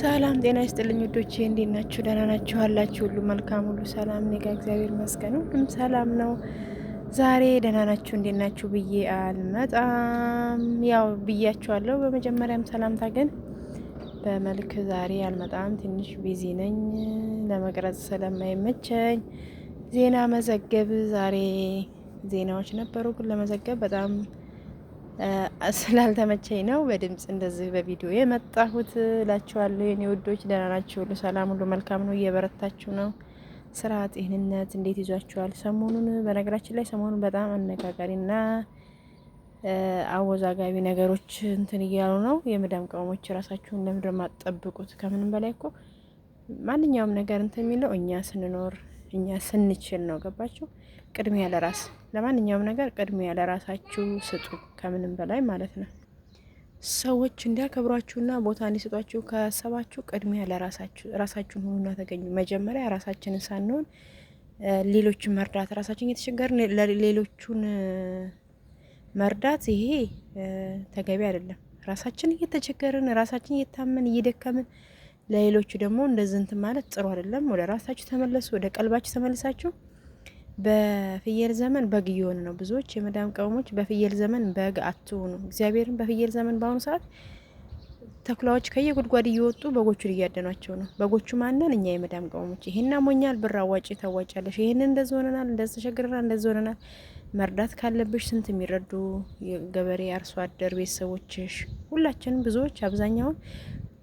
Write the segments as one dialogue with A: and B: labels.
A: ሰላም ጤና ይስጥልኝ ውዶቼ፣ እንዴት ናችሁ? ደህና ናችሁ? አላችሁ ሁሉ መልካም፣ ሁሉ ሰላም። እኔ እግዚአብሔር ይመስገን ሁሉም ሰላም ነው። ዛሬ ደህና ናችሁ፣ እንዴት ናችሁ ብዬ አልመጣም። ያው ብያችኋለሁ። በመጀመሪያም ሰላምታ ግን በመልክ ዛሬ አልመጣም። ትንሽ ቢዚ ነኝ፣ ለመቅረጽ ስለማይመቸኝ ዜና መዘገብ ዛሬ ዜናዎች ነበሩ ግን ለመዘገብ በጣም ስላልተመቸኝ ነው በድምፅ እንደዚህ በቪዲዮ የመጣሁት እላችኋለሁ። የኔ ውዶች ደህና ናችሁ? ሁሉ ሰላም፣ ሁሉ መልካም ነው? እየበረታችሁ ነው? ስራ፣ ጤንነት እንዴት ይዟችኋል? ሰሞኑን በነገራችን ላይ ሰሞኑን በጣም አነጋጋሪና አወዛጋቢ ነገሮች እንትን እያሉ ነው። የምዳም ቅመሞች ራሳችሁን ለምድር ማጠብቁት ከምንም በላይ እኮ ማንኛውም ነገር እንትን የሚለው እኛ ስንኖር እኛ ስንችል ነው። ገባችሁ? ቅድሚያ ለራስ ለማንኛውም ነገር ቅድሚያ ለራሳችሁ ስጡ፣ ከምንም በላይ ማለት ነው። ሰዎች እንዲያከብሯችሁና ቦታ እንዲሰጧችሁ ከሰባችሁ ቅድሚያ ለራሳችሁ ራሳችሁን ሁኑና ተገኙ። መጀመሪያ ራሳችንን ሳንሆን ሌሎችን መርዳት፣ ራሳችን እየተቸገርን ሌሎቹን መርዳት ይሄ ተገቢ አይደለም። ራሳችን እየተቸገርን ራሳችን እየታመን እየደከምን ለሌሎቹ ደግሞ እንደዚህ እንትን ማለት ጥሩ አይደለም። ወደ ራሳችሁ ተመለሱ፣ ወደ ቀልባችሁ ተመልሳችሁ። በፍየል ዘመን በግ እየሆነ ነው። ብዙዎች የመዳም ቀውሞች በፍየል ዘመን በግ አትሆኑ፣ እግዚአብሔርን በፍየል ዘመን በአሁኑ ሰዓት ተኩላዎች ከየጉድጓድ እየወጡ በጎቹን እያደኗቸው ነው። በጎቹ ማነን? እኛ የመዳም ቀውሞች። ይሄን አሞኛል፣ ብር አዋጭ፣ ታዋጫለሽ፣ ይህን እንደዚህ ሆነናል፣ እንደዚህ ተሸግረናል፣ እንደዚህ ሆነናል። መርዳት ካለብሽ ስንት የሚረዱ ገበሬ፣ አርሶ አደር ቤተሰቦችሽ፣ ሁላችንም ብዙዎች አብዛኛውን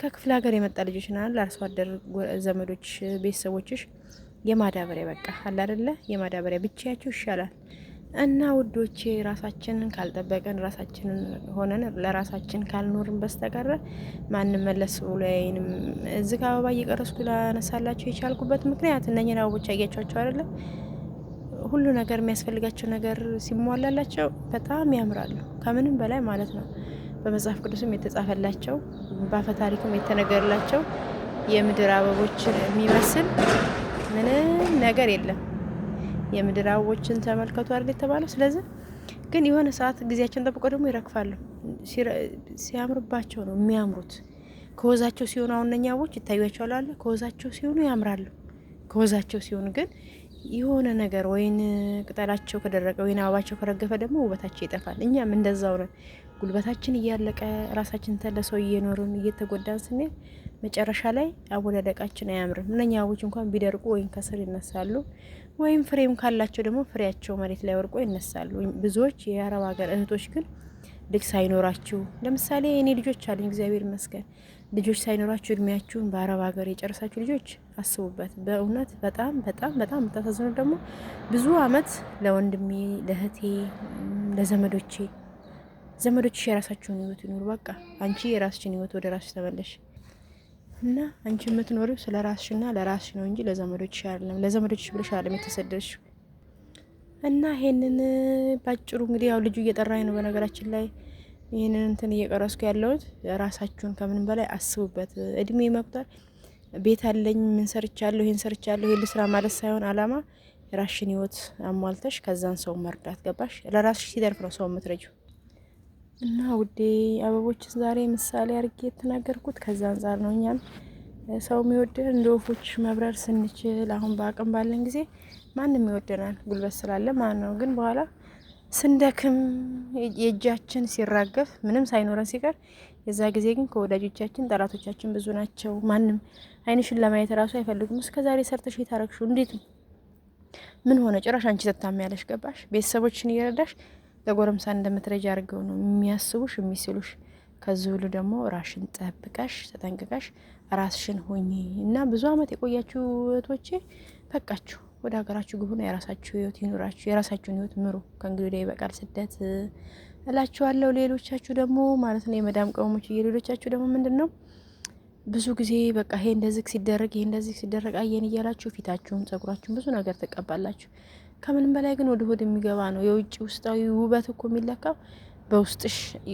A: ከክፍለ ሀገር የመጣ ልጆች ና ለአርሶ አደር ዘመዶች፣ ቤተሰቦችሽ የማዳበሪያ በቃ አለ አደለ የማዳበሪያ ብቻያቸው ይሻላል። እና ውዶቼ ራሳችንን ካልጠበቀን ራሳችንን ሆነን ለራሳችን ካልኖርን በስተቀረ ማንም መለስ ብሎ ያይንም። እዚህ ከአበባ እየቀረስኩ ላነሳላቸው የቻልኩበት ምክንያት እነኝን አበቦች አያቸዋቸው አይደለም ሁሉ ነገር የሚያስፈልጋቸው ነገር ሲሟላላቸው በጣም ያምራሉ፣ ከምንም በላይ ማለት ነው። በመጽሐፍ ቅዱስም የተጻፈላቸው በአፈ ታሪክም የተነገርላቸው የምድር አበቦችን የሚመስል ምንም ነገር የለም። የምድር አበቦችን ተመልከቱ አይደል የተባለው። ስለዚህ ግን የሆነ ሰዓት ጊዜያቸውን ጠብቆ ደግሞ ይረግፋሉ። ሲያምርባቸው ነው የሚያምሩት። ከወዛቸው ሲሆኑ አሁን እነኛ አበቦች አለ። ከወዛቸው ሲሆኑ ያምራሉ። ከወዛቸው ሲሆኑ ግን የሆነ ነገር ወይን ቅጠላቸው ከደረቀ ወይን አበባቸው ከረገፈ ደግሞ ውበታቸው ይጠፋል። እኛም እንደዛው ነን። ጉልበታችን እያለቀ ራሳችን ተለሰው እየኖርን እየተጎዳን ስንል መጨረሻ ላይ አወዳደቃችን አያምርም። እነኛ አበቦች እንኳን ቢደርቁ ወይም ከስር ይነሳሉ፣ ወይም ፍሬም ካላቸው ደግሞ ፍሬያቸው መሬት ላይ ወርቆ ይነሳሉ። ብዙዎች የአረብ ሀገር እህቶች ግን ልጅ ሳይኖራችሁ ለምሳሌ እኔ ልጆች አሉኝ፣ እግዚአብሔር ይመስገን። ልጆች ሳይኖራችሁ እድሜያችሁን በአረብ ሀገር የጨረሳችሁ ልጆች አስቡበት። በእውነት በጣም በጣም በጣም የምታሳዝኑ ደግሞ ብዙ አመት ለወንድሜ ለእህቴ ለዘመዶቼ ዘመዶችሽ የራሳቸውን ህይወት ይኖሩ። በቃ አንቺ የራስሽን ህይወት ወደ ራስሽ ተመለሽ እና አንቺ የምትኖሪው ስለ ራስሽና ለራስሽ ነው እንጂ ለዘመዶች አይደለም። ለዘመዶች ብለሽ አይደለም የተሰደድሽ። እና ይሄንን ባጭሩ እንግዲህ ያው ልጁ እየጠራኝ ነው። በነገራችን ላይ ይህንን እንትን እየቀረስኩ ያለሁት ራሳችሁን ከምንም በላይ አስቡበት። እድሜ መቁጠር ቤት አለኝ ምን ሰርቻለሁ፣ ይህን ሰርቻለሁ፣ ይህን ልስራ ማለት ሳይሆን አላማ የራስሽን ህይወት አሟልተሽ ከዛን ሰው መርዳት ገባሽ። ለራስሽ ሲደርፍ ነው ሰው የምትረጂው። እና ውዴ አበቦችን ዛሬ ምሳሌ አድርጌ የተናገርኩት ከዛ አንጻር ነው። እኛም ሰው የሚወደን እንደ ወፎች መብረር ስንችል አሁን በአቅም ባለን ጊዜ ማንም ይወደናል፣ ጉልበት ስላለ ማን ነው። ግን በኋላ ስንደክም የእጃችን ሲራገፍ ምንም ሳይኖረን ሲቀር የዛ ጊዜ ግን ከወዳጆቻችን ጠላቶቻችን ብዙ ናቸው። ማንም አይንሽን ለማየት ራሱ አይፈልጉም። ዛሬ ሰርተሽ የታረግሽው እንዴት ምን ሆነ? ጭራሽ አንቺ ተታሚ ያለሽ ገባሽ ቤተሰቦችን እየረዳሽ ለጎረምሳ እንደምትረጅ አድርገው ነው የሚያስቡሽ የሚስሉሽ። ከዚህ ሁሉ ደግሞ ራሽን ጠብቀሽ ተጠንቅቀሽ ራስሽን ሁኚ እና ብዙ አመት የቆያችሁ እህቶቼ በቃችሁ፣ ወደ ሀገራችሁ ግቡና የራሳችሁ ህይወት ይኑራችሁ፣ የራሳችሁን ህይወት ምሩ። ከእንግዲህ ወዲያ ይበቃል ስደት እላችኋለሁ። ሌሎቻችሁ ደግሞ ማለት ነው የመዳም ቅመሞች፣ ሌሎቻችሁ ደግሞ ምንድን ነው ብዙ ጊዜ በቃ ይሄ እንደዚህ ሲደረግ ይሄ እንደዚህ ሲደረግ አየን እያላችሁ ፊታችሁን፣ ጸጉራችሁን ብዙ ነገር ትቀባላችሁ። ከምንም በላይ ግን ወደ ሆድ የሚገባ ነው። የውጭ ውስጣዊ ውበት እኮ የሚለካው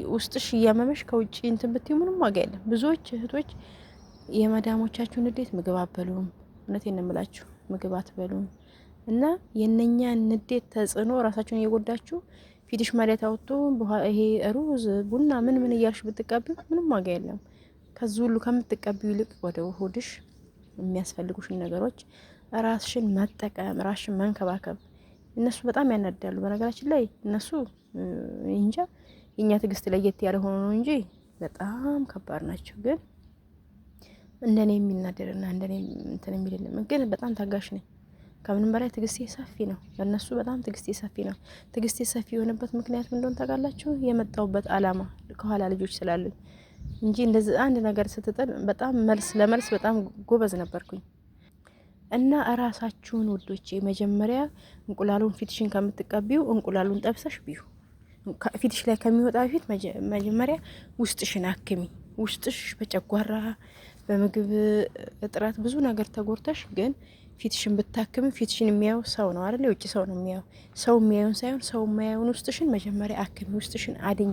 A: በውስጥሽ እያመመሽ ከውጭ እንትን ብትይ ምንም ዋጋ የለም። ብዙዎች እህቶች የመዳሞቻችሁን ንዴት ምግብ አትበሉም። እውነት የንምላችሁ ምግብ አትበሉም እና የነኛ ንዴት ተጽዕኖ ራሳችሁን እየጎዳችሁ ፊትሽ መሬት አውጥቶ ይሄ ሩዝ ቡና ምን ምን እያልሽ ብትቀቢው ምንም ዋጋ የለም። ከዚ ሁሉ ከምትቀቢው ይልቅ ወደ ሆድሽ የሚያስፈልጉሽን ነገሮች ራስሽን መጠቀም ራስሽን መንከባከብ እነሱ በጣም ያናዳሉ። በነገራችን ላይ እነሱ እንጃ የእኛ ትዕግስት ለየት ያለ ሆኖ ነው እንጂ በጣም ከባድ ናቸው። ግን እንደኔ የሚናደርና እንደኔ እንትን የሚል የለም። ግን በጣም ታጋሽ ነኝ። ከምንም በላይ ትዕግስቴ ሰፊ ነው። ለእነሱ በጣም ትዕግስቴ ሰፊ ነው። ትዕግስቴ ሰፊ የሆነበት ምክንያት ምን እንደሆነ ታውቃላችሁ? የመጣሁበት አላማ ከኋላ ልጆች ስላሉኝ እንጂ እንደዚህ አንድ ነገር ስትጥል በጣም መልስ ለመልስ በጣም ጎበዝ ነበርኩኝ። እና እራሳችሁን ውዶቼ፣ መጀመሪያ እንቁላሉን ፊትሽን ከምትቀቢው እንቁላሉን ጠብሰሽ ቢዩ ፊትሽ ላይ ከሚወጣ በፊት መጀመሪያ ውስጥሽን አክሚ። ውስጥሽ በጨጓራ በምግብ እጥረት ብዙ ነገር ተጎርተሽ ግን ፊትሽን ብታክም ፊትሽን የሚያየው ሰው ነው አይደል? የውጭ ሰው ነው የሚያየው። ሰው የሚያየውን ሳይሆን ሰው የማያየውን ውስጥሽን መጀመሪያ አክሚ፣ ውስጥሽን አድኝ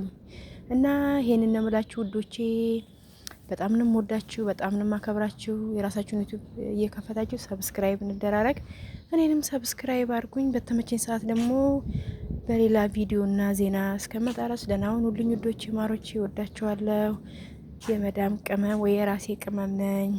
A: እና ይሄንን ነው የምላችሁ ውዶቼ። በጣም ንም ወዳችሁ በጣም ነው አከብራችሁ የራሳችሁን ዩቲዩብ እየከፈታችሁ ሰብስክራይብ እንደራረግ እኔንም ሰብስክራይብ አድርጉኝ። በተመቸኝ ሰዓት ደግሞ በሌላ ቪዲዮና ዜና እስከመጣ ድረስ ደህና ሁኑልኝ ውዶቼ፣ ማሮቼ፣ ወዳችኋለሁ። የመዳም ቅመም ወይ የራሴ ቅመም ነኝ።